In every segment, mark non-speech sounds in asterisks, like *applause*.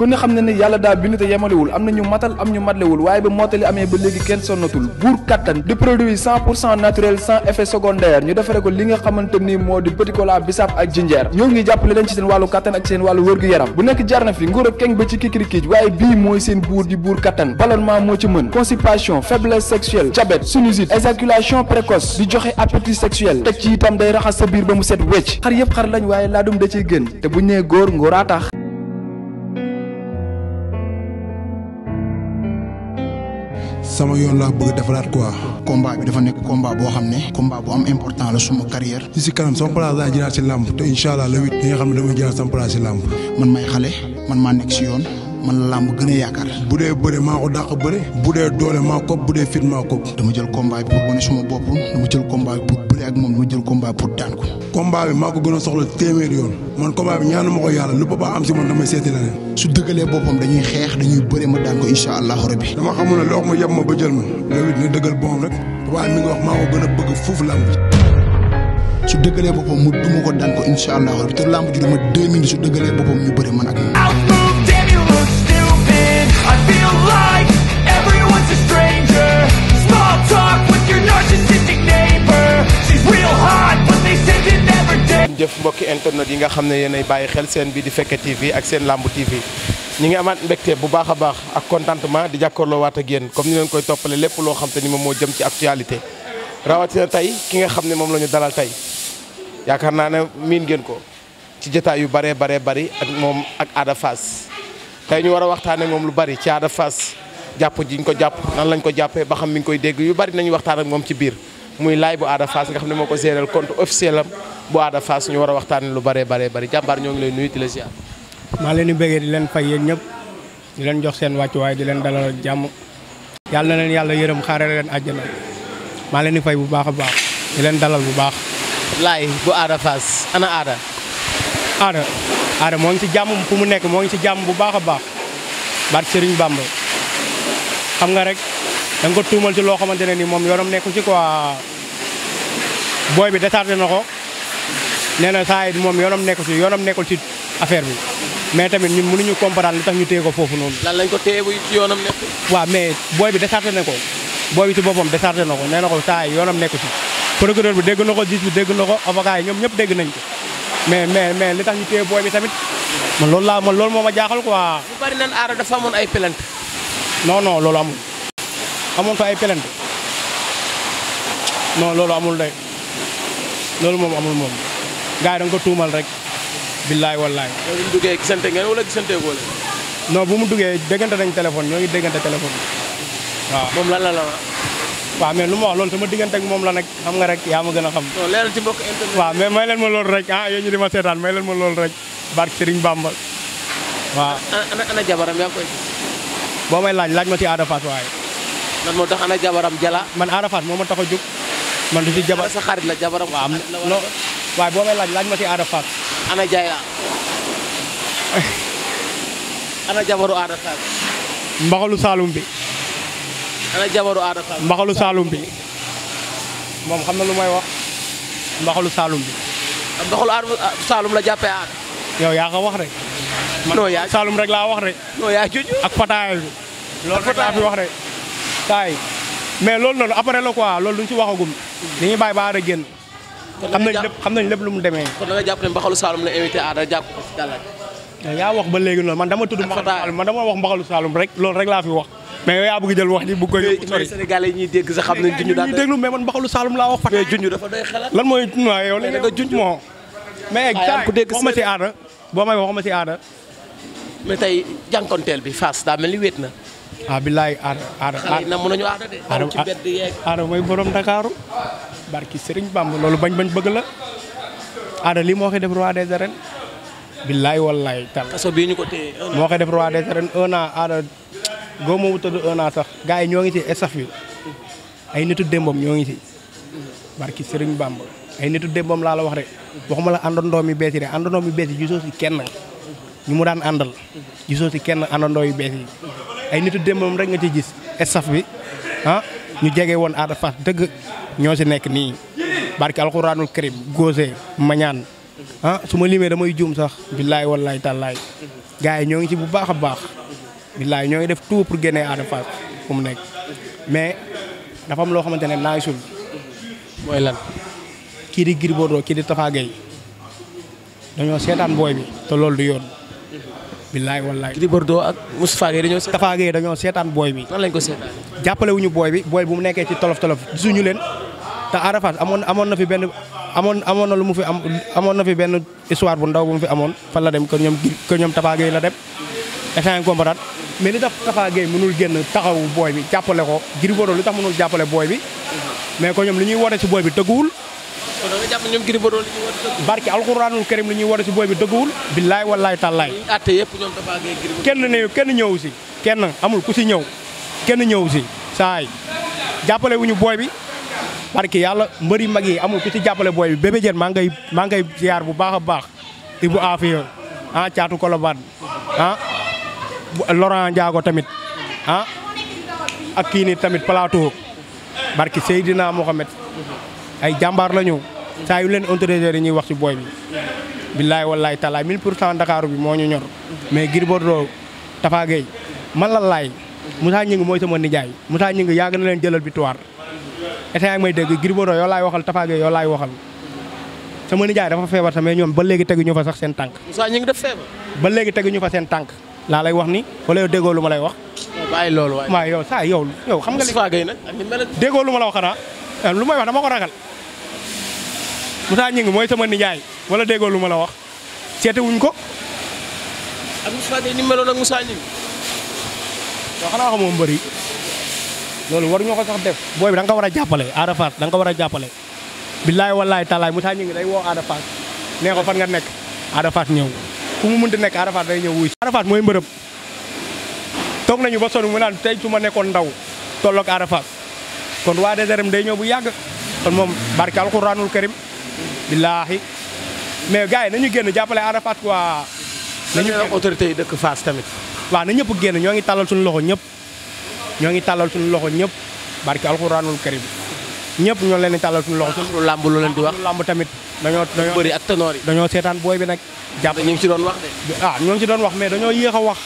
ku ne xam na ne yàlla daa bind te yemalewul am na ñu matal am ñu matlewul waaye ba mottali amee ba léegi kenn sonnatul buur kattan di produit cent pour cent naturel sans effet secondaire ñu defare ko li nga xamante ni moo di petit cola bisaab ak jinjeer ñoo ngi jàppale leen ci seen wàllu kattan ak seen wàllu wërgu yaram bu nekk jarna fi nguur ak keng ba ci kikirikiij waaye bii mooy seen buur di buur kattan ballonnement moo ci mën constipation faiblesse sexuelle précoce di joxe appétit sexuel teg ci itam day raxas sa biir ba mu set wecc xar yëpp xar lañ waaye laa dum da ciy gën te bu ñu nee sama yoon laa bëgg defaraat quoi. combat bi dafa nekk combat boo xam ne. combat bu am important la suma carrière. ci si kanam sama place laa jëlaat ci làmb te incha allah le huit. nga xam ne damay jëlaat sama place ci làmb. man may xale man maa nekk si yoon. man la làmb gën a yaakaar bu dee bëre maa ko dàq bëre bu dee doole maa ko bu dee fit maa ko dama jël combat bi pour wane suma bopp dama jël combat bi pour bëre ak moom dama jël combat pour daan ko combat bi maa ko gën a soxla téeméer yoon man combat bi ñaanu ma ko yàlla lu papa am si man damay seeti leneen boppam dañuy xeex dañuy bëre ma daan ko incha allahu rabbi dama xamul ne ma yeb ma ba jël ma loolu dina dëggal boppam rek papa foofu làmb su dëggalee boppam mu duma ko daan ko incha allah rabbi te làmb ji dama deux minutes su dëggalee boppam ñu bëre man ak jëf mbokki internet yi nga xam ne yéen ay bàyyi xel seen bi di Fekke TV ak seen làmb TV ñi ngi amaat mbégte bu baax a baax ak contentement di jàkkaarloo waat ak yéen comme ni leen koy toppale lépp loo xam te ni moom moo jëm ci actualité rawatina tey ki nga xam ne moom la ñu dalal tey yaakaar naa ne miin ngeen ko ci jotaay yu baree baree bari ak moom ak Ada tey ñu war a waxtaanee moom lu bari Caada Fass jàpp jiñ ko jàpp nan lañ ko jàppee ba xam mi ñu koy dégg yu bari nañu waxtaan ak moom ci biir muy laay bu Ada Fass nga xam ne moo ko géréel compte officiel am bu Ada war a waxtaanee lu bëree baree bëri jàmbaar ñoo ngi lay nuyu di la maa leen di bëggee di leen fay ñëpp di leen jox seen wàccuwaay di leen dalal jàmm yàlla na leen yàlla yërëm xaare leen àjjana maa leen di fay bu baax a baax di leen dalal bu baax. laay bu Ada Fass ana aada aada aada moo ngi ci jàmm fu mu nekk moo ci jàmm bu baax a baax baat Serigne Bamba xam nga rek da nga ko tuumal ci loo xamante ne ni moom yoonam nekku ci quoi booy bi déchargé na ko nee na saa moom yoonam nekku ci yoonam nekkul ci affaire bi mais tamit ñun mënuñu comprendre li tax ñu téye ko foofu noonu. lan lañ ko téye bu ci waaw mais booy bi déchargé na ko booy bi ci boppam déchargé na ko nee na ko saa yi yoonam nekku ci procureur bi degg na ko juge bi dégg na ko avocat yi ñoom ñëpp dégg nañ ko. mais mais mais li tax ñu téye booy bi tamit man loolu laa ma loolu moo ma jaaxal quoi. bu bari nan aara dafa amoon ay pelante. non non loolu amul. amoon fa ay pelante. non loolu amul de loolu moom amul moom gars yi ko tuumal rek. billaay wallaay. yow bu mu duggee gisante ngeen wala gisante woo leen. non bu mu duggee déggante nañ téléphone ñoo ngi déggante téléphone waaw. waaw mais lu ma wax loolu sama diggante ak moom la nag xam nga rek yaa ma gën a xam. leeral ci may leen ma loolu rek ah yéen di ma seetaan may leen ma loolu rek barke Serigne Bamba waaw. ana ana jabaram yaa koy gis. boo may laaj laaj ma ci Ada Fass moo tax ana jabaram jala. man Ada Fass moo ma tax a jóg. man du ci jabar sa xarit la jabaram. waaw non waaye boo may laaj laaj ma ci Ada Fass. ana jaay *laughs* ana jabaru mbaxalu Saalum bi. ana jabaru Ada Fass. mbaxalu Saalum bi moom xam na lu may wax mbaxalu Saalum bi. mbaxalu Ada Saalum la jàppe Ada. yow yaa ko wax rek. non yaa Saalum rek laa wax rek. non yaa juju ak pataay bi. loolu rek fi wax rek. taay mais loolu noonu après la quoi loolu duñ ci waxagum. dañuy bàyyi ba Ada génn. xam nañ lépp xam nañ lu mu demee. kon da jàpp ne mbaxalu Saalum la invité Ada jàpp ko si yaa wax ba léegi noonu man dama tudd. mbaxalu Saalum man dama wax mbaxalu Saalum rek loolu rek laa fi wax. mais yow yaa bëgg jël wax ji bëgg ko yóbbu sori dégg sa xam nañ junj daan ñuy déglu mais man mbaxalu Saloum laa wax. mais junj dafa lan mooy waaye yow li nga junj moo mais ah, ku dégg waxuma ci aada boo may waxuma ci aada mais tey jànkonteel bi Fass daa mel ni wéet ah, billaay aada aada xale na mën nañu aada de ci bedd yeeg mooy borom Dakaaru barki Sëriñ Bamba loolu bañ bañ bëgg la aada lii moo koy def roi des arènes billaay wallaay tal kaso bii ñu ko téye moo koy def roi des arènes un aada góob moomu tëdd un an sax yi ñoo ngi ci estaf bi ay nitu démbam ñoo ngi ci barki Serigne Bamba ay nitu démbam laa la wax rek waxuma la àndandoo mi bees yi de àndandoo mi bees yi kenn ñu mu daan àndal gisoo si kenn àndandoo yu bees yi ay nitu démbam rek nga ci gis estaf bi ah ñu jege woon aada fas dëgg ñoo si nekk nii barki alxuraanul karim góose mañaan ah su ma limee damay juum sax billaay wallaay tàllaay gaa yi ñoo ngi ci bu baax a baax billaay ñoo ngi def tout pour génnee Ada Fass fu mu nekk mais dafa loo xamante ne naay sul mooy lan kii di Gris Bordeaux kii di Tapha yi dañoo seetaan booy bi te loolu du yoon. billaay wallaay Gris Bordeaux ak Moustapha Gueye dañoo. dañoo seetaan booy bi. lan lañ ko seetaan. jàppale booy bi booy bu mu nekkee ci tolof tolof gisuñu leen te Ada Fass amoon amoon na fi benn amoon amoon na lu mu fi am amoon na fi benn histoire bu ndaw bu mu fi amoon fan la dem que ñoom que ñoom Tapha Gueye la dem. est ce que mais li tax Tafa Gueye mënul génn taxawu booy bi jàppale ko Gris li tax mënul jàppale booy bi mais ko ñoom li ñuy woote si booy bi dëgguwul kon da nga ñoom Gris Bordeaux li ñuy woote dëgguwul barke ñuy woote si booy bi dëgguwul billaay wallaay tàllaay atte yëpp ñoom Tafa Gueye Gris Bordeaux kenn ne kenn ñëw si kenn amul ku si ñëw kenn ñëw si saay jàppale wuñu booy bi barke yàlla mbëri mag yi amul ku si jàppale booy bi bébé jën maa ngay maa ngay ziar bu baax a baax Ibu Afia ah caatu Kolobaan ah Laurent Ndiago tamit ah ak kii nii tamit plateau barki Seydina Mohamed ay jambaar la ñu saa yu leen autorisé yi ñuy wax si booy bi. billaay wallaay talaay mil pour cent Dakar bi moo ñu ñor mais Gris Bordeaux Tapha Gueye man la laay Moussa Gningue mooy sama nijaay Moussa Gningue yàgg na leen jëlal bi yaa ngi may dégg Gris Bordeaux yoo laay waxal Tapha Gueye yoo laay waxal sama nijaay dafa feebar tamit ñoom ba léegi teguñu fa sax seen tànk. Moussa Gningue def ba léegi teguñu fa seen tànk. laa lay wax ni walla yow déggoo lu ma lay wax. bàyyi loolu waay waaw yow saa yow yow xam nga li. Moustapha Gueye nag déggoo lu ma la wax xanaa eh, lu may wax dama ko ragal. Moussa Gningue mooy sama nijaay wala déggoo lu ma la wax seete wuñ ko. ak Moustapha Gueye ni meloon ak Moussa Gningue. yow xanaa xamoo mbëri loolu ko sax def booy bi da nga war a jàppale Ada Fass da nga ko war a jàppale. billaay wallaay tallaay Moussa Gningue day woo Ada Fass nee ko fan nga nekk Ada Fass ñëw. ku mu mënti nekk Arafat day ñëw wuy Arafat mooy mbërëb toog nañu ba sonn mu naan tey su nekkoon ndaw tolloog Arafat kon waa DRM day ñëw bu yàgg kon moom barke alxuraanul karim billaahi mais gars yi nañu génn jàppale Arafat quoi. nañu génn yi dëkk Fass tamit. waaw na ñëpp génn ñoo ngi tàllal suñu loxo ñëpp ñoo ngi tàllal suñu loxo ñëpp barke alxuraanul karim ñëpp ñoo leen di tàllal suñu loxo. suñu làmb lu wax làmb tamit. dañoo dañoo bëri ak ténor yi. dañoo seetaan booy bi nag. jàpp ñu ngi ci doon wax de. ah ci doon wax mais dañoo yéex wax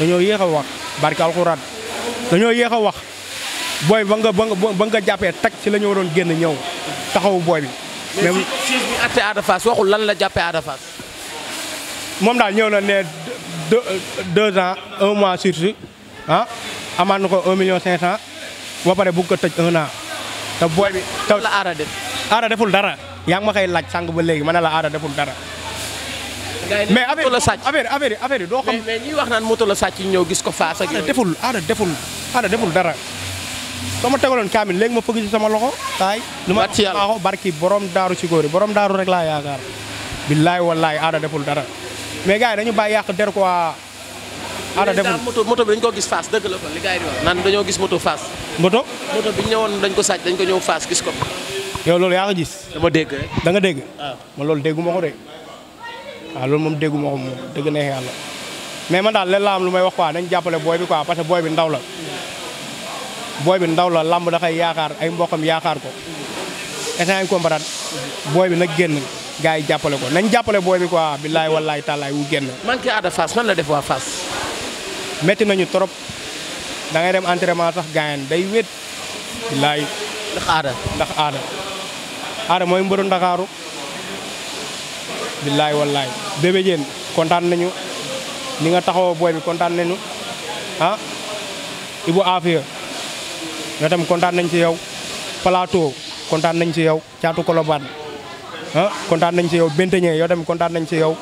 dañoo yéex a wax barke alxuraan dañoo yéex a wax booy ba nga ba nga ba nga jàppee tag ci la ñu doon génn ñëw taxawu booy bi. mais si bi àtte Ada lan la jàppee Ada moom daal ñëw na ne deux deux ans un mois sursis ah, amaan na ko un million cinq cent ba pare bugg ko tëj un an te booy bi. taw la Ada deful dara. yaa ngi ma koy laaj sànq ba léegi ma ne la aada deful dara. mais affaire affaire affaire affaire yi doo xam. mais ñuy wax naan moto la sàcc yi ñëw gis ko faas ak yooyu. deful aada deful aada dara. soo ma tegaloon kaamil léegi ma fëgg ci sama loxo. taay lu ma ko barki borom daaru ci góor borom daaru rek laa yaakaar. billaay wallaay aada deful dara. mais gars yi dañu bàyyi yàq der quoi. aada deful moto moto bi dañu ko gis faas dëgg la kon naan dañoo gis moto faas. moto moto bi ñu ñëwoon dañ ko sàcc dañ ko ñëw faas gis ko. yow loolu yaa ko gis. dama dégg rek da nga dégg. waaw ah. man loolu déggu ko de waaw ah, loolu moom déggu ma moom dëgg neex yàlla mais man daal leen la am lu may wax quoi dañ jàppale booy bi quoi parce que booy bi ndaw la booy bi ndaw la làmb dafay yaakaar ay mbokkam yaakaar ko essaye comprendre booy bi nag génn gars yi jàppale ko nañ jàppale booy bi quoi billaay wallaay tàllaay wu génn. manqué Ada Fass man la def waa fas metti nañu trop da ngay dem entraînement sax gaayen day wét billaay. ndax aada aada mooy mbëru ndakaaru billaay wallaay bébé jeen kontaan nañu ni nga taxawoo booy bi kontaan nañu ah Ibou Afia nga tam kontaan nañ ci yow plateau kontaan nañ ci yow caatu Colobane ah kontaan nañ ci yow Benteñe yow tamit kontaan nañ ci yow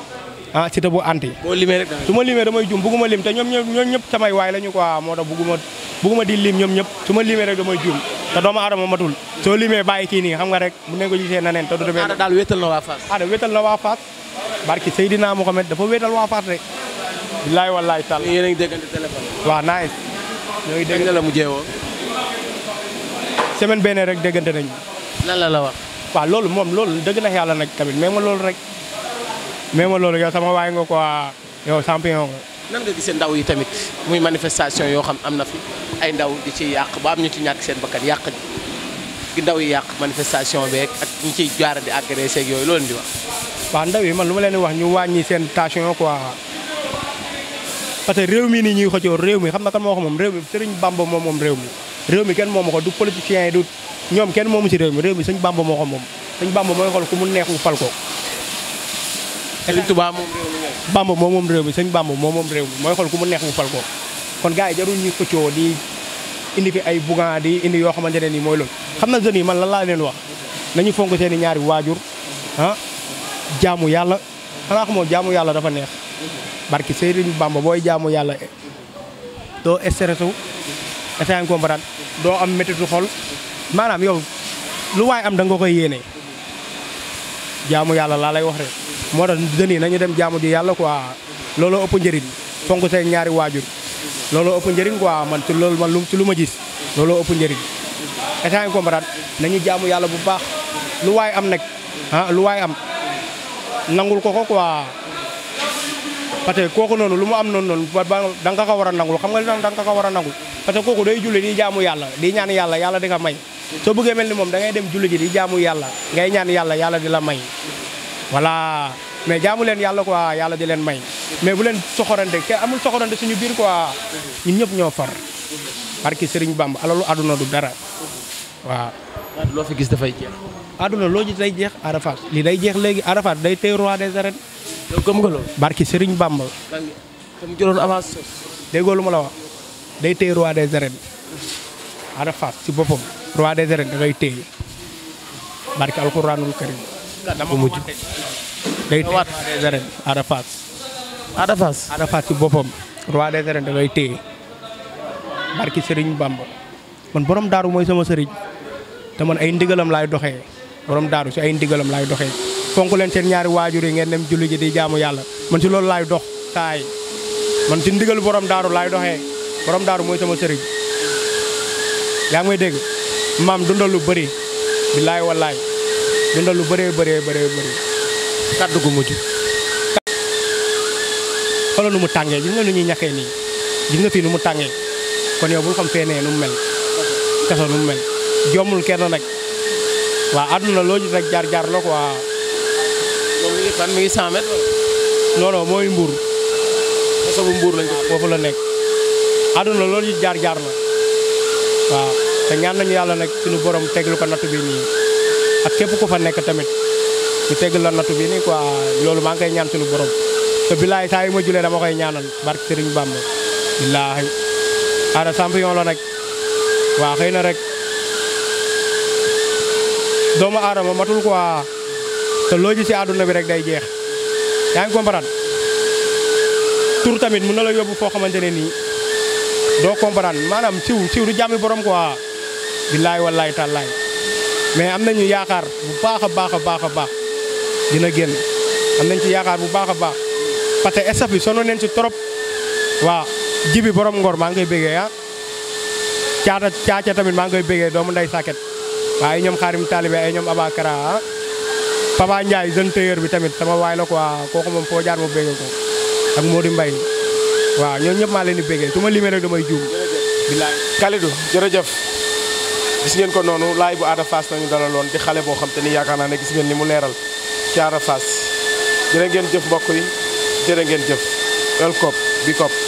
ah cité bu anti su ma limee damay jum bugguma lim te ñoom ñoom ñëpp samay waay la ñu quoi moo tax bugguma bugguma di ñoom ñëpp su ma limee rek damay jum te doomu aadama matul soo limee bàyyi kii nii xam nga rek mu ne ko na naneen te du demee aada daal wéetal na waa Fass aada na waa barki Seydina Mohamed dafa wéetal waa Fass rek bilaay wallaay a ngi déggante téléphone waaw nice ñoo ngi déggante la mu jeewoo semaine rek déggante nañ lan la la wax waaw loolu moom loolu dëgg na yàlla nag tamit mais ma loolu rek mais ma loolu yow sama waay nga ko yow champion nga nan nga gisee ndaw yi tamit muy manifestation yoo xam am na fi ay ndaw di ci yàq ba am ñu ci ñàkk seen bakkan yàq gi ndaw yi yàq manifestation beeg ak ñu ciy jaara di agressé ak yooyu loolu di wax. waaw ndaw man lu ma leen di wax ñu wàññi seen tension quoi parce que réew mi nii ñuy xëccoo réew mi xam na ka moo ko moom réew mi Sëriñ Bamba moom moom réew mi. réew mi kenn ko du politicien yi du ñoom kenn moomu si réew mi réew mi Sëriñ Bamba moo ko moom Sëriñ Bamba mooy xool ku mu neex mu fal ko. Sëriñ Tuubaa moom réew mi moom moom réew mi Sëriñ Bamba moom moom réew mi mooy xool ku mu neex mu fal ko kon gars yi ñuy xëccoo di. indi fi ay di indi yoo xamante ne nii mooy loolu xam na jeunes yi man lan laa leen wax nañu fonk seen i ñaari waajur ah jaamu yàlla xanaa xamoo jaamu yàlla dafa neex barki Serigne Bamba booy jaamu yàlla doo stressé wu essayan comprendre doo am métitu xol maanaam yow lu waay am danga nga koy yéene jaamu yàlla laa lay wax rek moo tax jeunes yi nañu dem jaamu ji yàlla quoi looloo ëpp njëriñ fonk seen ñaari waajur looloo ëpp njëriñ ko man ci loolu man lu ci lu ma gis looloo ëpp njëriñ état yi comprendre nañu jaamu yàlla bu baax lu waay am nag ah lu waay am nangul ko ko quoi parce que kooku noonu lu mu am noonu noonu ba da nga ko war a nangul xam nga li da nga ko war a nangul parce que kooku day julli di jaamu yàlla di ñaan yàlla yàlla di ko may soo bëggee mel ni moom da dem julli ji di jaamu yàlla ngay ñaan yàlla yàlla di la may voilà mais jaamu leen yàlla quoi yàlla di leen may mais bu leen soxorante kenn amul soxorante suñu biir quoi ñun ñëpp ñoo far barki Serigne bàmb alalu aduna du dara waaw. loo fi gis dafay jeex. aduna loo gis day jeex Arafat li day jeex léegi Arafat day tey roi des arènes. yow gëm nga loolu. barki Serigne Bamba. dama jëloon day tey des arènes Arafat si boppam roi des arènes da ngay téye barki alxuraanul karim. dama ko mujj day téye ci boppam. roi des arènes da ngay téye barki Serigne Bamba man borom daaru mooy sama sëriñ te man ay ndigalam laay doxee borom daaru si ay ndigalam laay doxee fonk leen seen ñaari waajur yi ngeen dem julli ji di jaamu yàlla man si loolu laay dox taay man si ndigalu borom daaru laay doxee borom daaru mooy sama sëriñ yaa ngi may dégg maam dundal lu bëri billaay wallaay dundal lu bëree bëree bëree kaddu gu mujj. xoolal nu mu tàngee gis nga nu ñuy nii gis fii nu mu tàngee kon yow bul xam feenee nu mu mel. kaso nu mu mel jommul kenn nag waaw àdduna loo gis rek jaar jaar la quoi. moom mi ngi fan mooy Mbour. kaso bu lañ ko nekk. àdduna loolu yi jaar jaar la waaw te nañu yàlla nag suñu borom teglu ko natt bi nii ak képp ko fa nekk tamit. ñu tegg la nattu bi nii quoi loolu maa ngi koy ñaan suñu borom te billaay saa yu ma julee dama koy ñaanal barke Sëriñ Bamba billaahi Ada champion la nag waa xëy na rek doomu aadama matul quoi te loo ji si àdduna bi rek day jeex yaa ngi tur tamit mun na la yóbbu foo xamante ne nii doo comprendre maanaam siw siw du jàmmi borom quoi billaay wallaay tàllaay mais am nañu yaakaar bu baax a baax a baax dina génn am nañ ci yaakaar bu baax a baax parce que staff bi sonn ci trop waa jibi borom ngor maa ngi koy bégee ah caata caaca tamit maa ngi koy bégee doomu nday sàkket waaw ay ñoom xaarim taalibe ay ñoom abakara ah Papa Ndiaye jeune tailleur bi tamit sama waay la quoi kooku moom foo jaar ma bégee ko ak Modou Mbaye waaw ñooñu ñëpp maa leen di bégee su ma limee rek damay juum bilaay Kalidou jërëjëf gis ngeen ko noonu laay bu Ada Fass nañu dalaloon di xale boo xam te ni yaakaar naa ne gis ngeen ni mu leeral Thiara Fass jërë ngeen jëf mbokk yi jërë ngeen jëf Elcop Bicop